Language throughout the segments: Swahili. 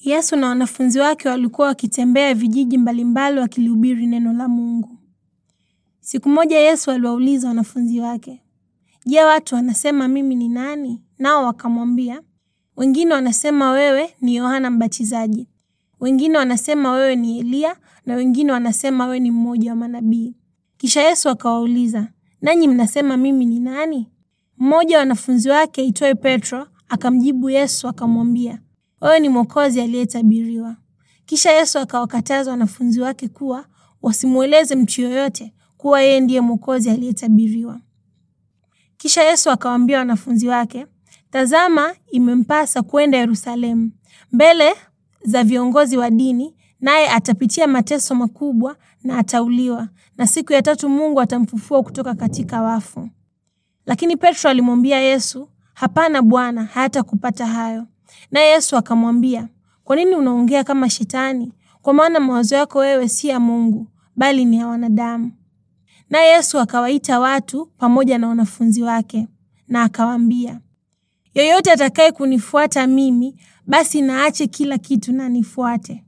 Yesu na wanafunzi wake walikuwa wakitembea vijiji mbalimbali wakilihubiri neno la Mungu. Siku moja Yesu aliwauliza wanafunzi wake, Je, watu wanasema mimi ni nani? Nao wakamwambia, wengine wanasema wewe ni Yohana Mbatizaji, wengine wanasema wewe ni Eliya, na wengine wanasema wewe ni mmoja wa manabii. Kisha Yesu akawauliza, nanyi mnasema mimi ni nani? Mmoja wa wanafunzi wake aitwaye Petro akamjibu Yesu akamwambia, wewe ni mwokozi aliyetabiriwa. Kisha Yesu akawakataza wanafunzi wake kuwa wasimweleze mtu yoyote kuwa yeye ndiye mwokozi aliyetabiriwa. Kisha Yesu akawaambia wanafunzi wake, tazama, imempasa kwenda Yerusalemu mbele za viongozi wa dini, naye atapitia mateso makubwa na atauliwa, na siku ya tatu Mungu atamfufua kutoka katika wafu. Lakini Petro alimwambia Yesu, hapana Bwana, hayatakupata hayo. Naye Yesu akamwambia, kwa nini unaongea kama shetani? Kwa maana mawazo yako wewe si ya Mungu, bali ni ya wanadamu. Naye Yesu akawaita watu pamoja na wanafunzi wake na akawaambia, yoyote atakaye kunifuata mimi, basi naache kila kitu na nifuate.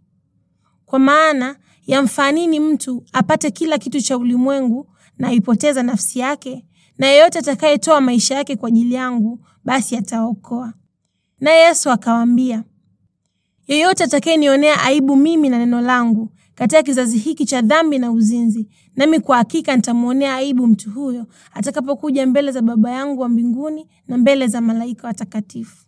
Kwa maana yamfaa nini mtu apate kila kitu cha ulimwengu na aipoteza nafsi yake? Na yeyote atakayetoa maisha yake kwa ajili yangu, basi ataokoa. Naye Yesu akawaambia, yeyote atakayenionea aibu mimi na neno langu katika kizazi hiki cha dhambi na uzinzi, nami kwa hakika nitamwonea aibu mtu huyo atakapokuja mbele za Baba yangu wa mbinguni na mbele za malaika watakatifu.